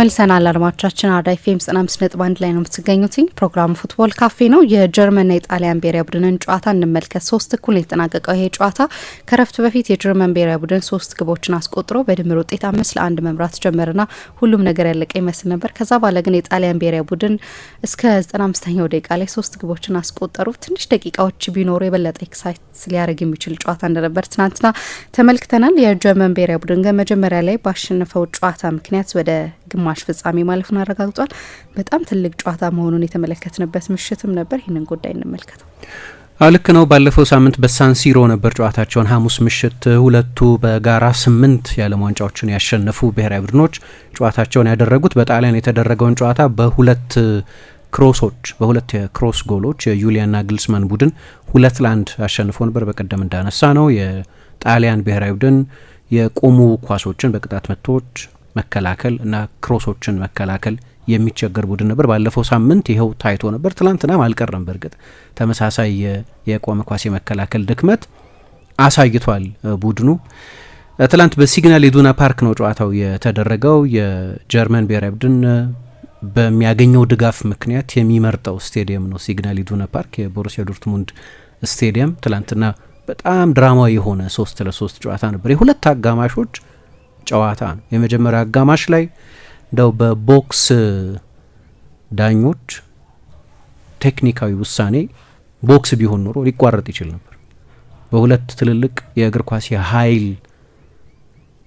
ተመልሰናል አድማጮቻችን፣ አራዳ ኤፍ ኤም ዘጠና አምስት ነጥብ አንድ ላይ ነው የምትገኙትኝ። ፕሮግራሙ ፉትቦል ካፌ ነው። የጀርመንና የጣሊያን ብሔራዊ ቡድንን ጨዋታ እንመልከት። ሶስት እኩል የተጠናቀቀው ይሄ ጨዋታ ከረፍት በፊት የጀርመን ብሔራዊ ቡድን ሶስት ግቦችን አስቆጥሮ በድምር ውጤት አምስት ለአንድ መምራት ጀመርና ሁሉም ነገር ያለቀ ይመስል ነበር። ከዛ ባለ ግን የጣሊያን ብሔራዊ ቡድን እስከ ዘጠና አምስተኛው ደቂቃ ላይ ሶስት ግቦችን አስቆጠሩ። ትንሽ ደቂቃዎች ቢኖሩ የበለጠ ኤክሳይት ሊያደርግ የሚችል ጨዋታ እንደነበር ትናንትና ተመልክተናል። የጀርመን ብሔራዊ ቡድን ግን መጀመሪያ ላይ ባሸነፈው ጨዋታ ምክንያት ወደ ግማሽ ፍጻሜ ማለፉን አረጋግጧል። በጣም ትልቅ ጨዋታ መሆኑን የተመለከትንበት ምሽትም ነበር። ይህንን ጉዳይ እንመልከተው። ልክ ነው። ባለፈው ሳምንት በሳንሲሮ ነበር ጨዋታቸውን። ሐሙስ ምሽት ሁለቱ በጋራ ስምንት የዓለም ዋንጫዎችን ያሸነፉ ብሔራዊ ቡድኖች ጨዋታቸውን ያደረጉት በጣሊያን የተደረገውን ጨዋታ በሁለት ክሮሶች በሁለት የክሮስ ጎሎች የዩሊያና ግልስማን ቡድን ሁለት ለአንድ አሸንፎ ነበር። በቀደም እንዳነሳ ነው የጣሊያን ብሔራዊ ቡድን የቆሙ ኳሶችን በቅጣት ምቶች መከላከል እና ክሮሶችን መከላከል የሚቸገር ቡድን ነበር። ባለፈው ሳምንት ይኸው ታይቶ ነበር። ትላንትናም አልቀረም። በእርግጥ ተመሳሳይ የቆመ ኳስ የመከላከል ድክመት አሳይቷል ቡድኑ። ትላንት በሲግናል ኢዱና ፓርክ ነው ጨዋታው የተደረገው። የጀርመን ብሔራዊ ቡድን በሚያገኘው ድጋፍ ምክንያት የሚመርጠው ስቴዲየም ነው ሲግናል ኢዱና ፓርክ፣ የቦሩሲያ ዶርትሙንድ ስቴዲየም። ትላንትና በጣም ድራማዊ የሆነ ሶስት ለሶስት ጨዋታ ነበር። የሁለት አጋማሾች ጨዋታ ነው። የመጀመሪያ አጋማሽ ላይ እንደው በቦክስ ዳኞች ቴክኒካዊ ውሳኔ ቦክስ ቢሆን ኖሮ ሊቋረጥ ይችል ነበር። በሁለት ትልልቅ የእግር ኳስ የኃይል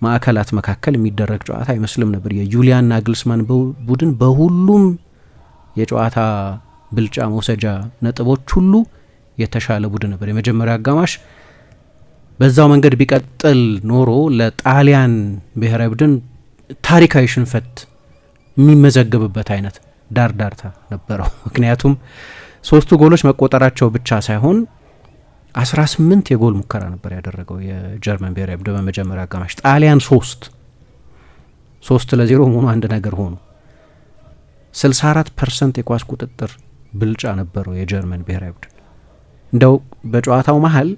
ማዕከላት መካከል የሚደረግ ጨዋታ አይመስልም ነበር። የጁሊያን ናግልስማን ቡድን በሁሉም የጨዋታ ብልጫ መውሰጃ ነጥቦች ሁሉ የተሻለ ቡድን ነበር። የመጀመሪያ አጋማሽ በዛው መንገድ ቢቀጥል ኖሮ ለጣሊያን ብሔራዊ ቡድን ታሪካዊ ሽንፈት የሚመዘገብበት አይነት ዳርዳርታ ነበረው። ምክንያቱም ሶስቱ ጎሎች መቆጠራቸው ብቻ ሳይሆን 18 የጎል ሙከራ ነበር ያደረገው የጀርመን ብሔራዊ ቡድን በመጀመሪያ አጋማሽ። ጣሊያን ሶስት ሶስት ለዜሮ መሆኑ አንድ ነገር ሆኖ 64 ፐርሰንት የኳስ ቁጥጥር ብልጫ ነበረው የጀርመን ብሔራዊ ቡድን እንደው በጨዋታው መሀል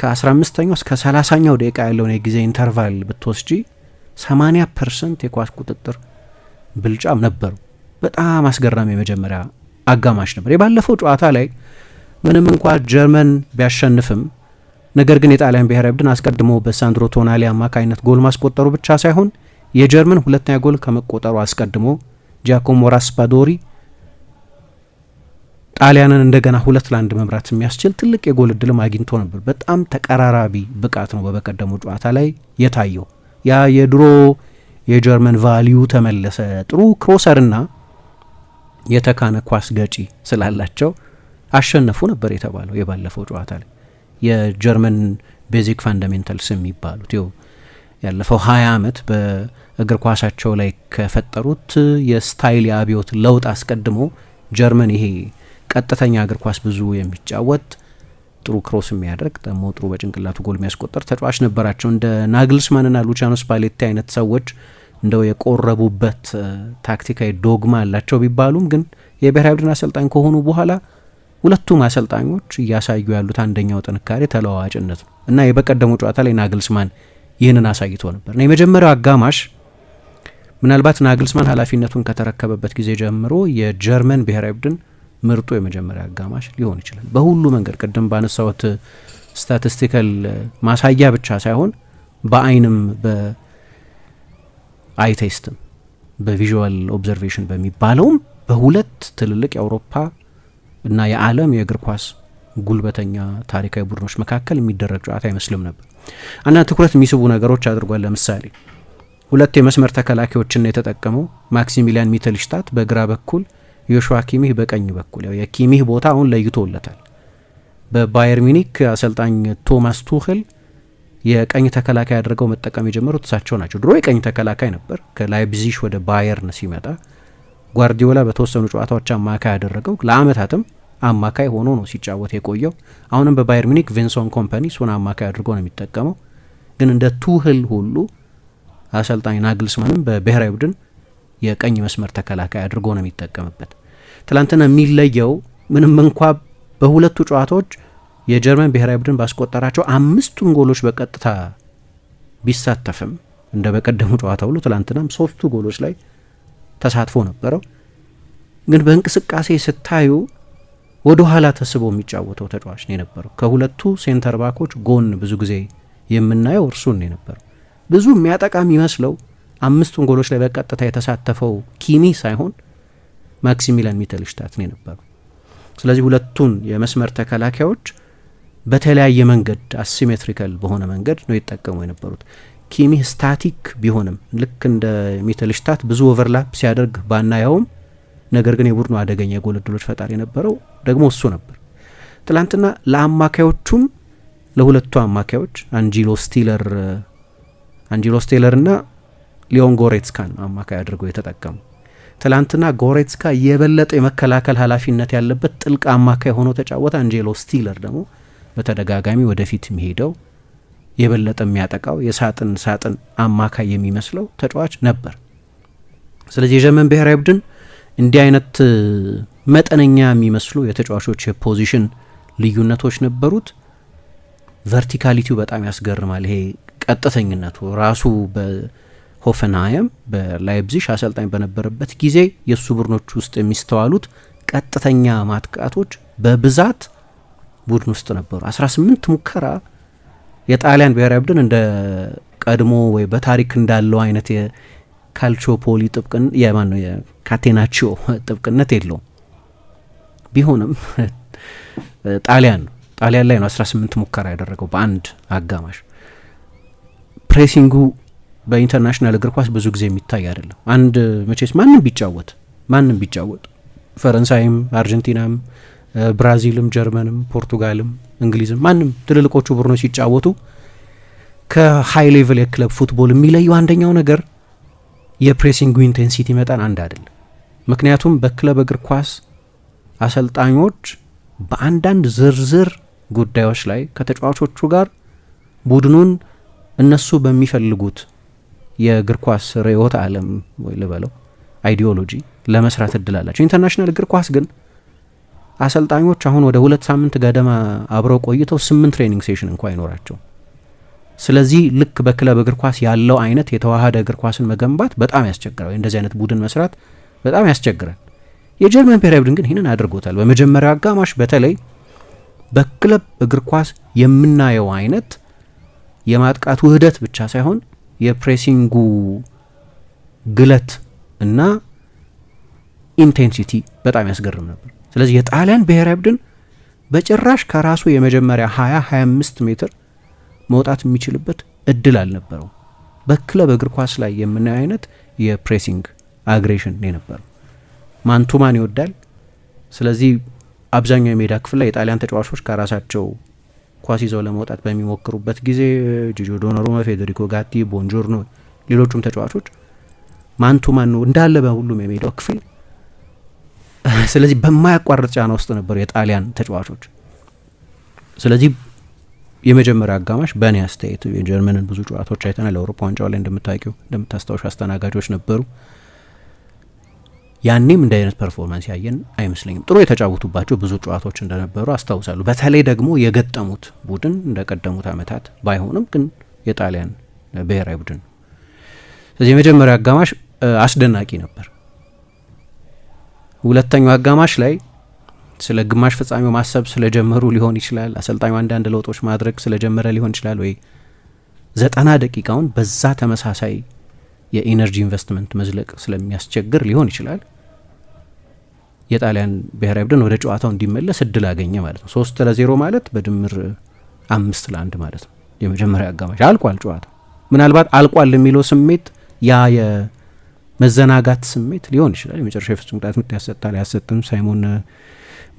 ከ15ኛው እስከ 30ኛው ደቂቃ ያለውን የጊዜ ኢንተርቫል ብትወስጂ 80 ፐርሰንት የኳስ ቁጥጥር ብልጫም ነበሩ። በጣም አስገራሚ የመጀመሪያ አጋማሽ ነበር። የባለፈው ጨዋታ ላይ ምንም እንኳ ጀርመን ቢያሸንፍም ነገር ግን የጣሊያን ብሔራዊ ቡድን አስቀድሞ በሳንድሮ ቶናሊ አማካኝነት ጎል ማስቆጠሩ ብቻ ሳይሆን የጀርመን ሁለተኛ ጎል ከመቆጠሩ አስቀድሞ ጃኮሞ ራስፓዶሪ ጣሊያንን እንደገና ሁለት ለአንድ መምራት የሚያስችል ትልቅ የጎል እድልም አግኝቶ ነበር። በጣም ተቀራራቢ ብቃት ነው በበቀደሙ ጨዋታ ላይ የታየው። ያ የድሮ የጀርመን ቫሊዩ ተመለሰ። ጥሩ ክሮሰርና የተካነ ኳስ ገጪ ስላላቸው አሸነፉ ነበር የተባለው የባለፈው ጨዋታ ላይ የጀርመን ቤዚክ ፋንዳሜንታልስ የሚባሉት ው ያለፈው ሀያ ዓመት በእግር ኳሳቸው ላይ ከፈጠሩት የስታይል የአብዮት ለውጥ አስቀድሞ ጀርመን ይሄ ቀጥተኛ እግር ኳስ ብዙ የሚጫወት ጥሩ ክሮስ የሚያደርግ ደግሞ ጥሩ በጭንቅላቱ ጎል የሚያስቆጠር ተጫዋች ነበራቸው። እንደ ና ሉቻኖ ስፓሌቲ አይነት ሰዎች እንደው የቆረቡበት ታክቲካዊ ዶግማ አላቸው ቢባሉም ግን የብሔራዊ ቡድን አሰልጣኝ ከሆኑ በኋላ ሁለቱም አሰልጣኞች እያሳዩ ያሉት አንደኛው ጥንካሬ ተለዋዋጭነት ነው እና የበቀደሙ ጨዋታ ላይ ናግልስማን ይህንን አሳይቶ ነበር እና የመጀመሪያው አጋማሽ ምናልባት ናግልስማን ኃላፊነቱን ከተረከበበት ጊዜ ጀምሮ የጀርመን ብሔራዊ ቡድን ምርጡ የመጀመሪያ አጋማሽ ሊሆን ይችላል። በሁሉ መንገድ ቅድም ባነሳሁት ስታቲስቲካል ማሳያ ብቻ ሳይሆን በአይንም በአይ ቴስትም በቪዥዋል ኦብዘርቬሽን በሚባለውም በሁለት ትልልቅ የአውሮፓ እና የዓለም የእግር ኳስ ጉልበተኛ ታሪካዊ ቡድኖች መካከል የሚደረግ ጨዋታ አይመስልም ነበር። አንዳንድ ትኩረት የሚስቡ ነገሮች አድርጓል። ለምሳሌ ሁለት የመስመር ተከላካዮችን የተጠቀመው ማክሲሚሊያን ሚተልሽታት በግራ በኩል ዮሹዋ ኪሚህ በቀኝ በኩል ያው የኪሚህ ቦታ አሁን ለይቶለታል። በባየር ሚኒክ አሰልጣኝ ቶማስ ቱህል የቀኝ ተከላካይ አድርገው መጠቀም የጀመሩት እሳቸው ናቸው። ድሮ የቀኝ ተከላካይ ነበር። ከላይፕዚሽ ወደ ባየርን ሲመጣ ጓርዲዮላ በተወሰኑ ጨዋታዎች አማካይ ያደረገው ለአመታትም አማካይ ሆኖ ነው ሲጫወት የቆየው። አሁንም በባየር ሚኒክ ቪንሶን ኮምፓኒ እሱን አማካይ አድርጎ ነው የሚጠቀመው። ግን እንደ ቱህል ሁሉ አሰልጣኝ ናግልስማንም በብሔራዊ ቡድን የቀኝ መስመር ተከላካይ አድርጎ ነው የሚጠቀምበት። ትላንትና የሚለየው ምንም እንኳ በሁለቱ ጨዋታዎች የጀርመን ብሔራዊ ቡድን ባስቆጠራቸው አምስቱን ጎሎች በቀጥታ ቢሳተፍም እንደ በቀደሙ ጨዋታ ሁሉ ትላንትናም ሶስቱ ጎሎች ላይ ተሳትፎ ነበረው። ግን በእንቅስቃሴ ስታዩ ወደ ኋላ ተስቦ የሚጫወተው ተጫዋች ነው የነበረው። ከሁለቱ ሴንተር ባኮች ጎን ብዙ ጊዜ የምናየው እርሱን ነው የነበረው። ብዙ የሚያጠቃ የሚመስለው አምስቱን ጎሎች ላይ በቀጥታ የተሳተፈው ኪሚ ሳይሆን ማክሲሚላን ሚተልሽታት ነው የነበሩ። ስለዚህ ሁለቱን የመስመር ተከላካዮች በተለያየ መንገድ አሲሜትሪካል በሆነ መንገድ ነው ይጠቀሙ የነበሩት። ኪሚ ስታቲክ ቢሆንም ልክ እንደ ሚተልሽታት ብዙ ኦቨርላፕ ሲያደርግ ባናየውም፣ ነገር ግን የቡድኑ አደገኛ የጎል እድሎች ፈጣሪ የነበረው ደግሞ እሱ ነበር። ትላንትና ለአማካዮቹም ለሁለቱ አማካዮች አንጂሎ ስቲለር አንጂሎ ና ሊዮን ጎሬትስካን አማካይ አድርገው የተጠቀሙ። ትላንትና ጎሬትስካ የበለጠ የመከላከል ኃላፊነት ያለበት ጥልቅ አማካይ ሆኖ ተጫወተ። አንጄሎ ስቲለር ደግሞ በተደጋጋሚ ወደፊት የሚሄደው የበለጠ የሚያጠቃው የሳጥን ሳጥን አማካይ የሚመስለው ተጫዋች ነበር። ስለዚህ የጀርመን ብሔራዊ ቡድን እንዲህ አይነት መጠነኛ የሚመስሉ የተጫዋቾች የፖዚሽን ልዩነቶች ነበሩት። ቨርቲካሊቲው በጣም ያስገርማል። ይሄ ቀጥተኝነቱ ራሱ ሆፈንሃይም በላይፕዚሽ አሰልጣኝ በነበረበት ጊዜ የእሱ ቡድኖች ውስጥ የሚስተዋሉት ቀጥተኛ ማጥቃቶች በብዛት ቡድን ውስጥ ነበሩ። 18 ሙከራ የጣሊያን ብሔራዊ ቡድን እንደ ቀድሞ ወይ በታሪክ እንዳለው አይነት የካልቾፖሊ ጥብቅን የማን ነው የካቴናቺዮ ጥብቅነት የለውም። ቢሆንም ጣሊያን ጣሊያን ላይ ነው 18 ሙከራ ያደረገው በአንድ አጋማሽ ፕሬሲንጉ በኢንተርናሽናል እግር ኳስ ብዙ ጊዜ የሚታይ አይደለም። አንድ መቼስ ማንም ቢጫወት ማንም ቢጫወት ፈረንሳይም፣ አርጀንቲናም፣ ብራዚልም፣ ጀርመንም፣ ፖርቱጋልም፣ እንግሊዝም ማንም ትልልቆቹ ቡድኖች ሲጫወቱ ከሀይ ሌቭል የክለብ ፉትቦል የሚለየው አንደኛው ነገር የፕሬሲንግ ኢንቴንሲቲ መጠን አንድ አይደለም። ምክንያቱም በክለብ እግር ኳስ አሰልጣኞች በአንዳንድ ዝርዝር ጉዳዮች ላይ ከተጫዋቾቹ ጋር ቡድኑን እነሱ በሚፈልጉት የእግር ኳስ ርዕዮተ ዓለም ወይ ልበለው አይዲዮሎጂ ለመስራት እድል አላቸው። ኢንተርናሽናል እግር ኳስ ግን አሰልጣኞች አሁን ወደ ሁለት ሳምንት ገደማ አብረው ቆይተው ስምንት ትሬኒንግ ሴሽን እንኳ አይኖራቸው። ስለዚህ ልክ በክለብ እግር ኳስ ያለው አይነት የተዋሃደ እግር ኳስን መገንባት በጣም ያስቸግራል። እንደዚህ አይነት ቡድን መስራት በጣም ያስቸግራል። የጀርመን ብሔራዊ ቡድን ግን ይህንን አድርጎታል። በመጀመሪያው አጋማሽ በተለይ በክለብ እግር ኳስ የምናየው አይነት የማጥቃት ውህደት ብቻ ሳይሆን የፕሬሲንጉ ግለት እና ኢንቴንሲቲ በጣም ያስገርም ነበር። ስለዚህ የጣሊያን ብሔራዊ ቡድን በጭራሽ ከራሱ የመጀመሪያ 20 25 ሜትር መውጣት የሚችልበት እድል አልነበረው። በክለብ እግር ኳስ ላይ የምናየው አይነት የፕሬሲንግ አግሬሽን ነው የነበረው። ማንቱማን ይወዳል። ስለዚህ አብዛኛው የሜዳ ክፍል ላይ የጣሊያን ተጫዋቾች ከራሳቸው ኳስ ይዘው ለመውጣት በሚሞክሩበት ጊዜ ጂጆ ዶኖሩማ፣ ፌዴሪኮ ጋቲ፣ ቦንጆርኖ ሌሎቹም ተጫዋቾች ማንቱ ማኑ እንዳለ በሁሉም የሜዳው ክፍል ስለዚህ በማያቋርጥ ጫና ውስጥ ነበሩ የጣሊያን ተጫዋቾች። ስለዚህ የመጀመሪያ አጋማሽ በእኔ አስተያየት የጀርመንን ብዙ ጨዋታዎች አይተናል። ለአውሮፓ ዋንጫው ላይ እንደምታውቂው እንደምታስታውሽ አስተናጋጆች ነበሩ። ያኔም እንደ አይነት ፐርፎርማንስ ያየን አይመስለኝም። ጥሩ የተጫወቱባቸው ብዙ ጨዋታዎች እንደነበሩ አስታውሳሉ። በተለይ ደግሞ የገጠሙት ቡድን እንደ ቀደሙት አመታት ባይሆንም ግን የጣሊያን ብሔራዊ ቡድን ነው። ስለዚህ የመጀመሪያው አጋማሽ አስደናቂ ነበር። ሁለተኛው አጋማሽ ላይ ስለ ግማሽ ፍጻሜው ማሰብ ስለጀመሩ ሊሆን ይችላል፣ አሰልጣኙ አንዳንድ ለውጦች ማድረግ ስለጀመረ ሊሆን ይችላል። ወይ ዘጠና ደቂቃውን በዛ ተመሳሳይ የኢነርጂ ኢንቨስትመንት መዝለቅ ስለሚያስቸግር ሊሆን ይችላል። የጣሊያን ብሔራዊ ቡድን ወደ ጨዋታው እንዲመለስ እድል አገኘ ማለት ነው። ሶስት ለዜሮ ማለት በድምር አምስት ለአንድ ማለት ነው። የመጀመሪያ አጋማሽ አልቋል ጨዋታው። ምናልባት አልቋል የሚለው ስሜት ያ የመዘናጋት ስሜት ሊሆን ይችላል። የመጨረሻ የፍጹም ቅጣት ምት ያሰጣል ያሰጥም ሳይሞን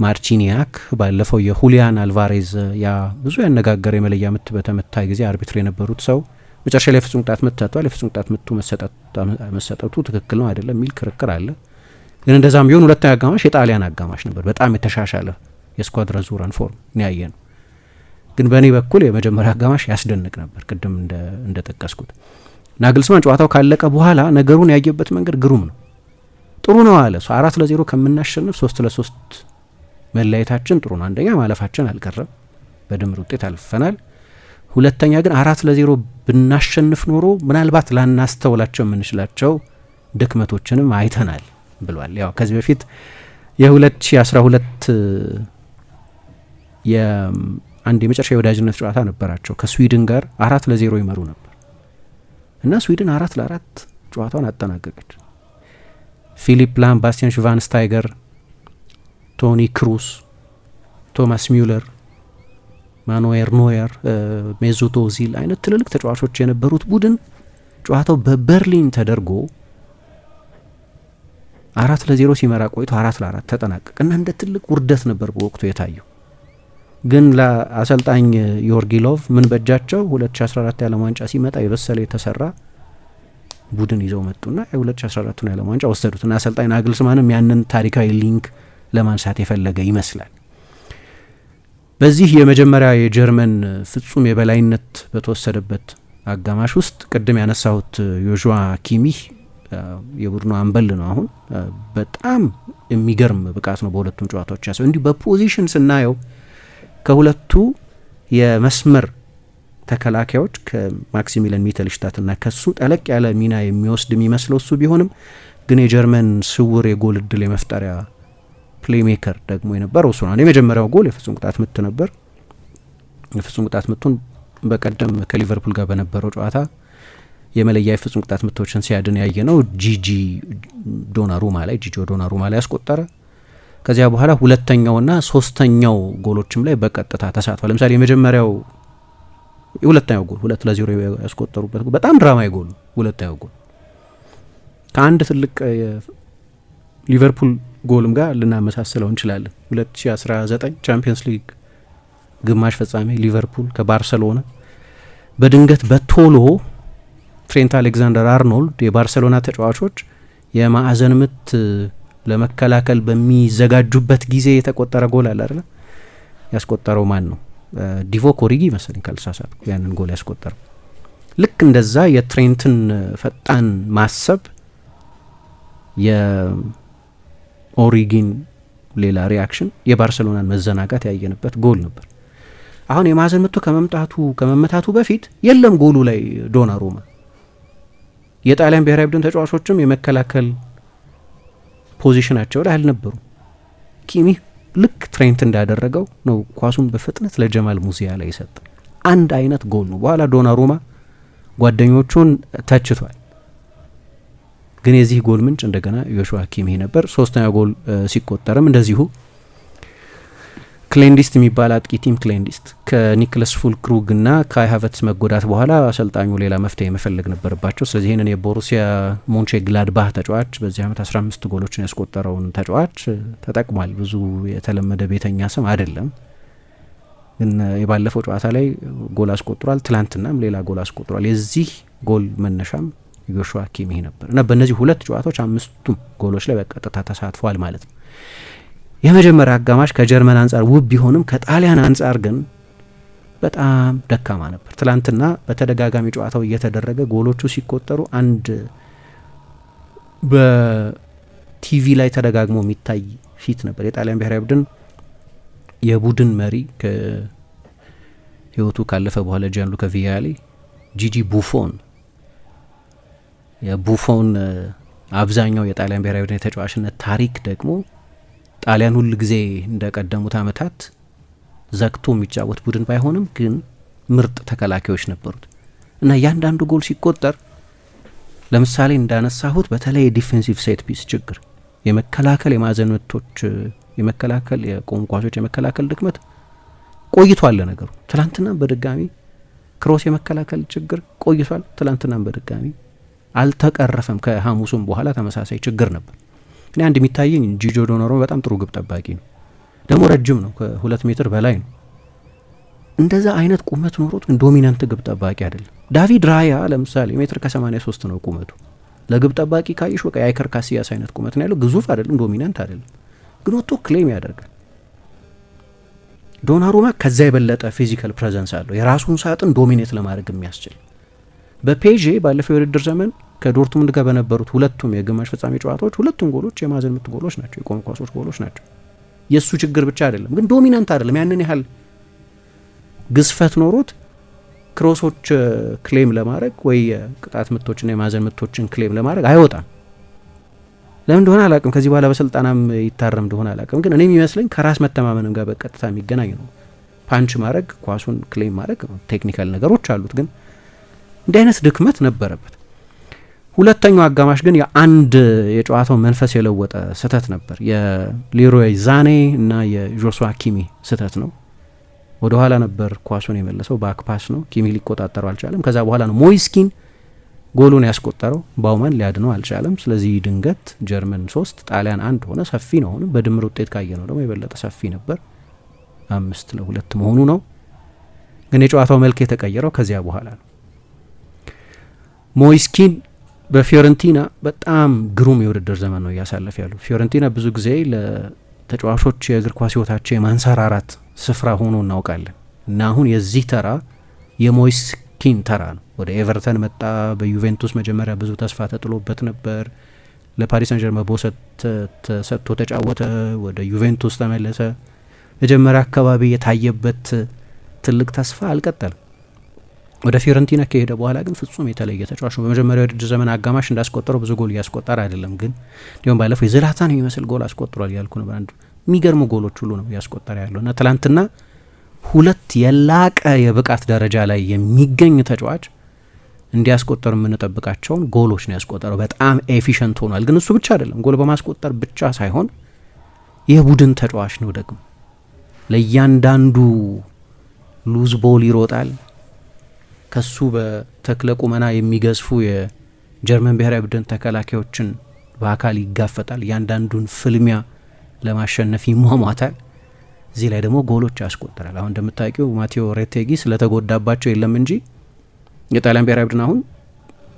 ማርቺኒያክ ባለፈው የሁሊያን አልቫሬዝ ያ ብዙ ያነጋገረ የመለያ ምት በተመታ ጊዜ አርቢትር የነበሩት ሰው መጨረሻ ላይ የፍጹም ቅጣት ምት ሰጥቷል። የፍጹም ቅጣት ምቱ መሰጠቱ ትክክል ነው አይደለም የሚል ክርክር አለ። ግን እንደዛም ቢሆን ሁለተኛ አጋማሽ የጣሊያን አጋማሽ ነበር። በጣም የተሻሻለ የስኳድራ ዙራን ፎርም ያየ ነው። ግን በእኔ በኩል የመጀመሪያ አጋማሽ ያስደንቅ ነበር። ቅድም እንደጠቀስኩት ናግልስማን ጨዋታው ካለቀ በኋላ ነገሩን ያየበት መንገድ ግሩም ነው። ጥሩ ነው አለ። አራት ለዜሮ ከምናሸንፍ ሶስት ለሶስት መለያየታችን ጥሩ ነው። አንደኛ ማለፋችን አልቀረም፣ በድምር ውጤት አልፈናል። ሁለተኛ ግን አራት ለዜሮ ብናሸንፍ ኖሮ ምናልባት ላናስተውላቸው የምንችላቸው ድክመቶችንም አይተናል። ብሏል። ያው ከዚህ በፊት የ2012 የአንድ የመጨረሻ የወዳጅነት ጨዋታ ነበራቸው ከስዊድን ጋር አራት ለዜሮ ይመሩ ነበር እና ስዊድን አራት ለአራት ጨዋታውን አጠናቀቀች። ፊሊፕ ላም፣ ባስቲያን ሽቫንስታይገር፣ ቶኒ ክሩስ፣ ቶማስ ሚውለር ማኑዌር ኖየር፣ ሜሱት ኦዚል አይነት ትልልቅ ተጫዋቾች የነበሩት ቡድን ጨዋታው በበርሊን ተደርጎ አራት ለዜሮ ሲመራ ቆይቶ አራት ለአራት ተጠናቀቀ እና እንደ ትልቅ ውርደት ነበር በወቅቱ የታየው። ግን ለአሰልጣኝ ዮርጊሎቭ ምን በጃቸው? 2014 የዓለም ዋንጫ ሲመጣ የበሰለ የተሰራ ቡድን ይዘው መጡና የ 2014 የዓለም ዋንጫ ወሰዱት እና አሰልጣኝ ናግልስማንም ያንን ታሪካዊ ሊንክ ለማንሳት የፈለገ ይመስላል። በዚህ የመጀመሪያ የጀርመን ፍጹም የበላይነት በተወሰደበት አጋማሽ ውስጥ ቅድም ያነሳሁት ዮዥዋ ኪሚህ የቡድኑ አምበል ነው። አሁን በጣም የሚገርም ብቃት ነው በሁለቱም ጨዋታዎች ያሰው። እንዲሁ በፖዚሽን ስናየው ከሁለቱ የመስመር ተከላካዮች ከማክሲሚለን ሽታትና ከሱ ጠለቅ ያለ ሚና የሚወስድ የሚመስለው እሱ ቢሆንም ግን የጀርመን ስውር የጎል እድል የመፍጠሪያ ፕሌሜከር ደግሞ የነበረው እሱ ነው። የመጀመሪያው ጎል የፍጹም ቅጣት ምት ነበር። የፍጹም ቅጣት ምቱን በቀደም ከሊቨርፑል ጋር በነበረው ጨዋታ የመለያ የፍጹም ቅጣት ምቶችን ሲያድን ያየ ነው። ጂጂ ዶናሩማ ላይ ጂጂ ዶናሩማ ላይ ያስቆጠረ ከዚያ በኋላ ሁለተኛውና ሶስተኛው ጎሎችም ላይ በቀጥታ ተሳትፏል። ለምሳሌ የመጀመሪያው ሁለተኛው ጎል ሁለት ለዜሮ ያስቆጠሩበት በጣም ድራማዊ ጎል ሁለተኛው ጎል ከአንድ ትልቅ ሊቨርፑል ጎልም ጋር ልናመሳስለው እንችላለን። 2019 ቻምፒየንስ ሊግ ግማሽ ፍጻሜ ሊቨርፑል ከባርሰሎና በድንገት በቶሎ ትሬንት አሌክዛንደር አርኖልድ የባርሴሎና ተጫዋቾች የማዕዘን ምት ለመከላከል በሚዘጋጁበት ጊዜ የተቆጠረ ጎል አለ አይደለ? ያስቆጠረው ማን ነው? ዲቮክ ኦሪጊ መሰለኝ ካልተሳሳትኩ ያንን ጎል ያስቆጠረው። ልክ እንደዛ የትሬንትን ፈጣን ማሰብ የኦሪጊን ሌላ ሪያክሽን የባርሴሎናን መዘናጋት ያየንበት ጎል ነበር። አሁን የማዕዘን ምቱ ከመምጣቱ ከመመታቱ በፊት የለም ጎሉ ላይ ዶናሩማ የጣሊያን ብሔራዊ ቡድን ተጫዋቾችም የመከላከል ፖዚሽናቸው ላይ አልነበሩ። ኪሚህ ልክ ትሬንት እንዳደረገው ነው ኳሱን በፍጥነት ለጀማል ሙዚያ ላይ የሰጠ አንድ አይነት ጎል ነው። በኋላ ዶናሩማ ጓደኞቹን ተችቷል። ግን የዚህ ጎል ምንጭ እንደገና ዮሹዋ ኪሚህ ነበር። ሶስተኛ ጎል ሲቆጠርም እንደዚሁ ክሌንዲስት የሚባል አጥቂ ቲም ክሌንዲስት ከኒክለስ ፉልክሩግ እና ከካይ ሃቨርትዝ መጎዳት በኋላ አሰልጣኙ ሌላ መፍትሄ መፈለግ ነበረባቸው። ስለዚህ ይህንን የቦሩሲያ ሞንቼ ግላድባህ ተጫዋች በዚህ ዓመት አምስት ጎሎችን ያስቆጠረውን ተጫዋች ተጠቅሟል። ብዙ የተለመደ ቤተኛ ስም አይደለም፣ ግን የባለፈው ጨዋታ ላይ ጎል አስቆጥሯል። ትላንትናም ሌላ ጎል አስቆጥሯል። የዚህ ጎል መነሻም ዮሹዋ ኪሚሄ ነበር እና በእነዚህ ሁለት ጨዋታዎች አምስቱም ጎሎች ላይ በቀጥታ ተሳትፏል ማለት ነው። የመጀመሪያ አጋማሽ ከጀርመን አንጻር ውብ ቢሆንም ከጣሊያን አንጻር ግን በጣም ደካማ ነበር። ትላንትና በተደጋጋሚ ጨዋታው እየተደረገ ጎሎቹ ሲቆጠሩ አንድ በቲቪ ላይ ተደጋግሞ የሚታይ ፊት ነበር። የጣሊያን ብሔራዊ ቡድን የቡድን መሪ ከህይወቱ ካለፈ በኋላ ጂያንሉካ ቪያሊ ጂጂ ቡፎን የቡፎን አብዛኛው የጣሊያን ብሔራዊ ቡድን የተጫዋችነት ታሪክ ደግሞ ጣሊያን ሁል ጊዜ እንደቀደሙት አመታት ዘግቶ የሚጫወት ቡድን ባይሆንም ግን ምርጥ ተከላካዮች ነበሩት እና እያንዳንዱ ጎል ሲቆጠር ለምሳሌ እንዳነሳሁት በተለይ የዲፌንሲቭ ሴት ፒስ ችግር፣ የመከላከል የማዕዘን ምቶች፣ የመከላከል የቆሙ ኳሶች የመከላከል ድክመት ቆይቷል ነገሩ። ትላንትናም በድጋሚ ክሮስ የመከላከል ችግር ቆይቷል። ትላንትናም በድጋሚ አልተቀረፈም። ከሐሙሱም በኋላ ተመሳሳይ ችግር ነበር። እኔ አንድ የሚታየኝ ጂጆ ዶኖሮ በጣም ጥሩ ግብ ጠባቂ ነው። ደግሞ ረጅም ነው፣ ከሁለት ሜትር በላይ ነው። እንደዛ አይነት ቁመት ኖሮት ግን ዶሚናንት ግብ ጠባቂ አይደለም። ዳቪድ ራያ ለምሳሌ ሜትር ከ83 ነው ቁመቱ። ለግብ ጠባቂ ካይሽ በቃ የአይከር ካሲያስ አይነት ቁመት ነው ያለው። ግዙፍ አይደለም፣ ዶሚናንት አይደለም፣ ግን ወጥቶ ክሌም ያደርጋል። ዶናሩማ ከዛ የበለጠ ፊዚካል ፕሬዘንስ አለው፣ የራሱን ሳጥን ዶሚኔት ለማድረግ የሚያስችል በፔዤ ባለፈው የውድድር ዘመን ከዶርትሙንድ ጋር በነበሩት ሁለቱም የግማሽ ፍጻሜ ጨዋታዎች ሁለቱም ጎሎች የማዕዘን ምት ጎሎች ናቸው፣ የቆሙ ኳሶች ጎሎች ናቸው። የእሱ ችግር ብቻ አይደለም፣ ግን ዶሚናንት አይደለም። ያንን ያህል ግዝፈት ኖሮት ክሮሶች ክሌም ለማድረግ ወይ ቅጣት ምቶችና የማዕዘን ምቶችን ክሌም ለማድረግ አይወጣም። ለምን እንደሆነ አላቅም። ከዚህ በኋላ በስልጠናም ይታረም እንደሆነ አላቅም። ግን እኔ የሚመስለኝ ከራስ መተማመንም ጋር በቀጥታ የሚገናኝ ነው። ፓንች ማድረግ ኳሱን ክሌም ማድረግ ቴክኒካል ነገሮች አሉት፣ ግን እንዲህ አይነት ድክመት ነበረበት። ሁለተኛው አጋማሽ ግን የአንድ የጨዋታው መንፈስ የለወጠ ስህተት ነበር። የሌሮይ ዛኔ እና የጆሹዋ ኪሚ ስህተት ነው። ወደኋላ ነበር ኳሱን የመለሰው፣ ባክፓስ ነው። ኪሚ ሊቆጣጠረው አልቻለም። ከዛ በኋላ ነው ሞይስኪን ጎሉን ያስቆጠረው። ባውማን ሊያድነው አልቻለም። ስለዚህ ድንገት ጀርመን ሶስት ጣሊያን አንድ ሆነ። ሰፊ ነው። አሁንም በድምር ውጤት ካየ ነው ደግሞ የበለጠ ሰፊ ነበር፣ አምስት ለሁለት መሆኑ ነው። ግን የጨዋታው መልክ የተቀየረው ከዚያ በኋላ ነው። ሞይስኪን በፊዮረንቲና በጣም ግሩም የውድድር ዘመን ነው እያሳለፍ ያሉ። ፊዮረንቲና ብዙ ጊዜ ለተጫዋቾች የእግር ኳስ ህይወታቸው የማንሰራራት ስፍራ ሆኖ እናውቃለን እና አሁን የዚህ ተራ የሞይስ ኪን ተራ ነው። ወደ ኤቨርተን መጣ። በዩቬንቱስ መጀመሪያ ብዙ ተስፋ ተጥሎበት ነበር። ለፓሪስ ሰንጀርመ ቦሰት ተሰጥቶ ተጫወተ። ወደ ዩቬንቱስ ተመለሰ። መጀመሪያ አካባቢ የታየበት ትልቅ ተስፋ አልቀጠለም። ወደ ፊዮረንቲና ከሄደ በኋላ ግን ፍጹም የተለየ ተጫዋች ነው። በመጀመሪያ ውድድር ዘመን አጋማሽ እንዳስቆጠረው ብዙ ጎል እያስቆጠረ አይደለም፣ ግን እንዲሁም ባለፈው የዘላታን የሚመስል ጎል አስቆጥሯል ያልኩ ነበር። አንዱ የሚገርሙ ጎሎች ሁሉ ነው እያስቆጠረ ያለው እና ትላንትና ሁለት የላቀ የብቃት ደረጃ ላይ የሚገኝ ተጫዋች እንዲያስቆጠር የምንጠብቃቸውን ጎሎች ነው ያስቆጠረው። በጣም ኤፊሽንት ሆኗል። ግን እሱ ብቻ አይደለም፣ ጎል በማስቆጠር ብቻ ሳይሆን የቡድን ተጫዋች ነው። ደግሞ ለእያንዳንዱ ሉዝ ቦል ይሮጣል ከሱ በተክለ ቁመና የሚገዝፉ የጀርመን ብሔራዊ ቡድን ተከላካዮችን በአካል ይጋፈጣል። እያንዳንዱን ፍልሚያ ለማሸነፍ ይሟሟታል። እዚህ ላይ ደግሞ ጎሎች ያስቆጠራል። አሁን እንደምታውቂው ማቴዎ ሬቴጊ ስለተጎዳባቸው የለም እንጂ የጣሊያን ብሔራዊ ቡድን አሁን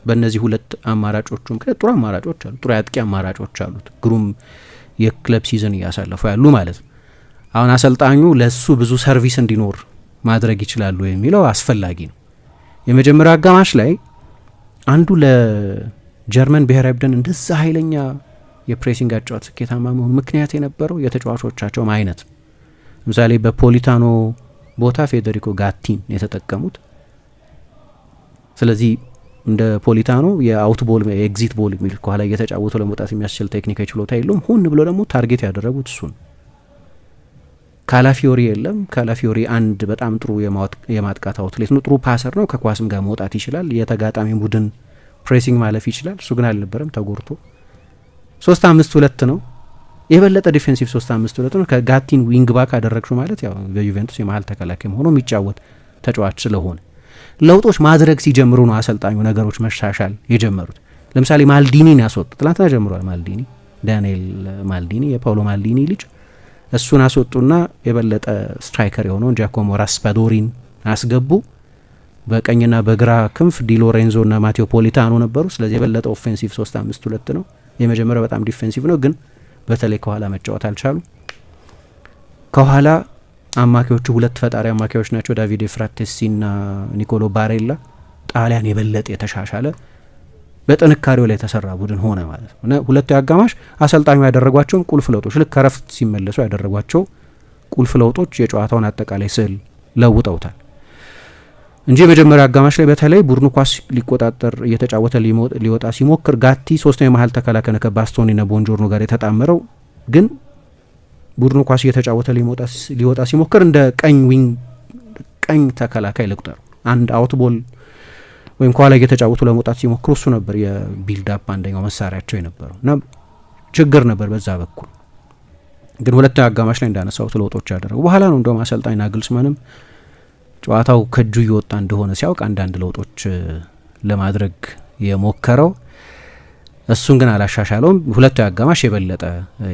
በእነዚህ ሁለት አማራጮቹ ምክንያት ጥሩ አማራጮች አሉ፣ ጥሩ የአጥቂ አማራጮች አሉት። ግሩም የክለብ ሲዝን እያሳለፉ ያሉ ማለት ነው። አሁን አሰልጣኙ ለሱ ብዙ ሰርቪስ እንዲኖር ማድረግ ይችላሉ የሚለው አስፈላጊ ነው። የመጀመሪያው አጋማሽ ላይ አንዱ ለጀርመን ብሔራዊ ቡድን እንደዛ ኃይለኛ የፕሬሲንግ አጫዋት ስኬታማ መሆኑ ምክንያት የነበረው የተጫዋቾቻቸውም አይነት ለምሳሌ በፖሊታኖ ቦታ ፌዴሪኮ ጋቲን የተጠቀሙት። ስለዚህ እንደ ፖሊታኖ ቦል የኤግዚት ቦል የሚል ከኋላ እየተጫወቱ ለመውጣት የሚያስችል ቴክኒካዊ ችሎታ የለውም። ሁን ብሎ ደግሞ ታርጌት ያደረጉት እሱን ካላፊዮሪ የለም። ካላፊዮሪ አንድ በጣም ጥሩ የማጥቃት አውትሌት ነው። ጥሩ ፓሰር ነው። ከኳስም ጋር መውጣት ይችላል። የተጋጣሚ ቡድን ፕሬሲንግ ማለፍ ይችላል። እሱ ግን አልነበረም፣ ተጎርቶ። ሶስት አምስት ሁለት ነው የበለጠ ዲፌንሲቭ ሶስት አምስት ሁለት ነው። ከጋቲን ዊንግ ባክ አደረግሹ ማለት ያው በዩቬንቱስ የመሀል ተከላካይ ሆኖ የሚጫወት ተጫዋች ስለሆነ ለውጦች ማድረግ ሲጀምሩ ነው አሰልጣኙ ነገሮች መሻሻል የጀመሩት። ለምሳሌ ማልዲኒን ያስወጡ ትላንትና ጀምሯል። ማልዲኒ ዳንኤል ማልዲኒ የፓውሎ ማልዲኒ ልጅ እሱን አስወጡና የበለጠ ስትራይከር የሆነውን ጃኮሞ ራስፓዶሪን አስገቡ። በቀኝና በግራ ክንፍ ዲሎሬንዞ ና ማቴዎ ፖሊታኖ ነበሩ። ስለዚህ የበለጠ ኦፌንሲቭ ሶስት አምስት ሁለት ነው። የመጀመሪያው በጣም ዲፌንሲቭ ነው፣ ግን በተለይ ከኋላ መጫወት አልቻሉም። ከኋላ አማካዮቹ ሁለት ፈጣሪ አማካዮች ናቸው፣ ዳቪድ ፍራቴሲ ና ኒኮሎ ባሬላ። ጣሊያን የበለጠ የተሻሻለ በጥንካሬው ላይ የተሰራ ቡድን ሆነ ማለት ነው እና ሁለቱ አጋማሽ አሰልጣኙ ያደረጓቸውን ቁልፍ ለውጦች ልክ ከረፍት ሲመለሱ ያደረጓቸው ቁልፍ ለውጦች የጨዋታውን አጠቃላይ ስዕል ለውጠውታል እንጂ የመጀመሪያ አጋማሽ ላይ በተለይ ቡድኑ ኳስ ሊቆጣጠር እየተጫወተ ሊወጣ ሲሞክር ጋቲ ሶስተኛ መሀል ተከላካይ ከባስቶኒና ቦንጆርኖ ጋር የተጣመረው ግን ቡድኑ ኳስ እየተጫወተ ሊወጣ ሲሞክር እንደ ቀኝ ዊንግ ቀኝ ተከላካይ ልቁጠሩ አንድ አውትቦል ወይም ከኋላ እየተጫወቱ ለመውጣት ሲሞክሩ እሱ ነበር የቢልዳፕ አንደኛው መሳሪያቸው የነበረው እና ችግር ነበር በዛ በኩል። ግን ሁለተኛ አጋማሽ ላይ እንዳነሳሁት ለውጦች ያደረጉ በኋላ ነው እንደውም አሰልጣኝ ናግልስመንም ጨዋታው ከእጁ እየወጣ እንደሆነ ሲያውቅ አንዳንድ ለውጦች ለማድረግ የሞከረው እሱን ግን አላሻሻለውም። ሁለቱ አጋማሽ የበለጠ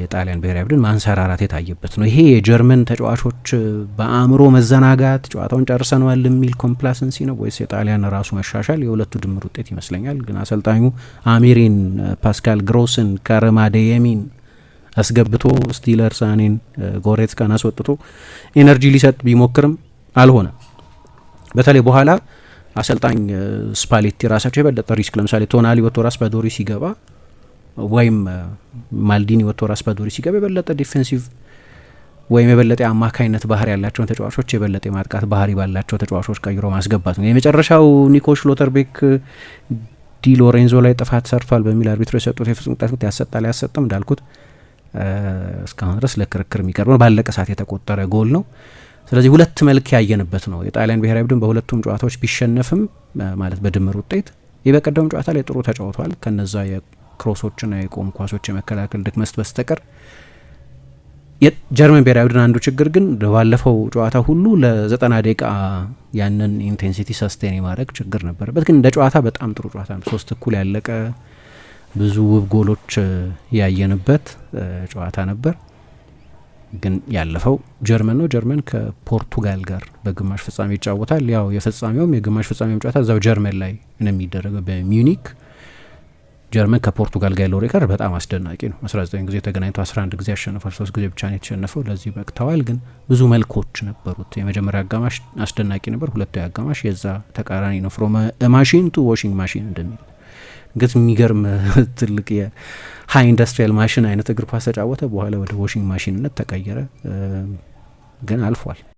የጣሊያን ብሔራዊ ቡድን ማንሰራራት የታየበት ነው። ይሄ የጀርመን ተጫዋቾች በአእምሮ መዘናጋት ጨዋታውን ጨርሰነዋል የሚል ኮምፕላሰንሲ ነው ወይስ የጣሊያን ራሱ መሻሻል? የሁለቱ ድምር ውጤት ይመስለኛል። ግን አሰልጣኙ አሚሪን፣ ፓስካል ግሮስን፣ ከረማደየሚን አስገብቶ ስቲለር ሳኔን፣ ጎሬትስካን አስወጥቶ ኤነርጂ ሊሰጥ ቢሞክርም አልሆነም በተለይ በኋላ አሰልጣኝ ስፓሌቲ ራሳቸው የበለጠ ሪስክ ለምሳሌ ቶናሊ ወጥቶ ራስ ባዶሪ ሲገባ ወይም ማልዲኒ ወጥቶ ራስ ባዶሪ ሲገባ የበለጠ ዲፌንሲቭ ወይም የበለጠ አማካኝነት ባህር ያላቸውን ተጫዋቾች የበለጠ የማጥቃት ባህሪ ባላቸው ተጫዋቾች ቀይሮ ማስገባት ነው። የመጨረሻው ኒኮ ሽሎተርቤክ ዲ ሎሬንዞ ላይ ጥፋት ሰርቷል በሚል አርቢትሮ የሰጡት የፍጹም ቅጣት ምት ያሰጣል አያሰጥም እንዳልኩት እስካሁን ድረስ ለክርክር የሚቀርብ ነው። ባለቀ ሰዓት የተቆጠረ ጎል ነው። ስለዚህ ሁለት መልክ ያየንበት ነው። የጣሊያን ብሔራዊ ቡድን በሁለቱም ጨዋታዎች ቢሸነፍም ማለት በድምር ውጤት በቀደሙ ጨዋታ ላይ ጥሩ ተጫውቷል። ከነዛ የክሮሶችና የቆም ኳሶች የመከላከል ድክመት በስተቀር የጀርመን ብሔራዊ ቡድን አንዱ ችግር ግን ባለፈው ጨዋታ ሁሉ ለዘጠና ደቂቃ ያንን ኢንቴንሲቲ ሰስቴን የማድረግ ችግር ነበረበት። ግን እንደ ጨዋታ በጣም ጥሩ ጨዋታ ነው። ሶስት እኩል ያለቀ ብዙ ውብ ጎሎች ያየንበት ጨዋታ ነበር። ግን ያለፈው ጀርመን ነው። ጀርመን ከፖርቱጋል ጋር በግማሽ ፍጻሜ ይጫወታል። ያው የፍጻሜውም የግማሽ ፍጻሜውም ጨዋታ እዛው ጀርመን ላይ ነው የሚደረገው በሚዩኒክ። ጀርመን ከፖርቱጋል ጋር ያለው ሪከርድ በጣም አስደናቂ ነው። 19 ጊዜ ተገናኝቶ 11 ጊዜ ያሸንፏል። ሶስት ጊዜ ብቻ ነው የተሸነፈው። ለዚህ በቅተዋል። ግን ብዙ መልኮች ነበሩት። የመጀመሪያ አጋማሽ አስደናቂ ነበር። ሁለቱ አጋማሽ የዛ ተቃራኒ ነው። ፍሮም ማሽን ቱ ዋሽንግ ማሽን እንደሚል እንግት የሚገርም ትልቅ የሀይ ኢንዱስትሪያል ማሽን አይነት እግር ኳስ ተጫወተ። በኋላ ወደ ዋሽንግ ማሽንነት ተቀየረ፣ ግን አልፏል።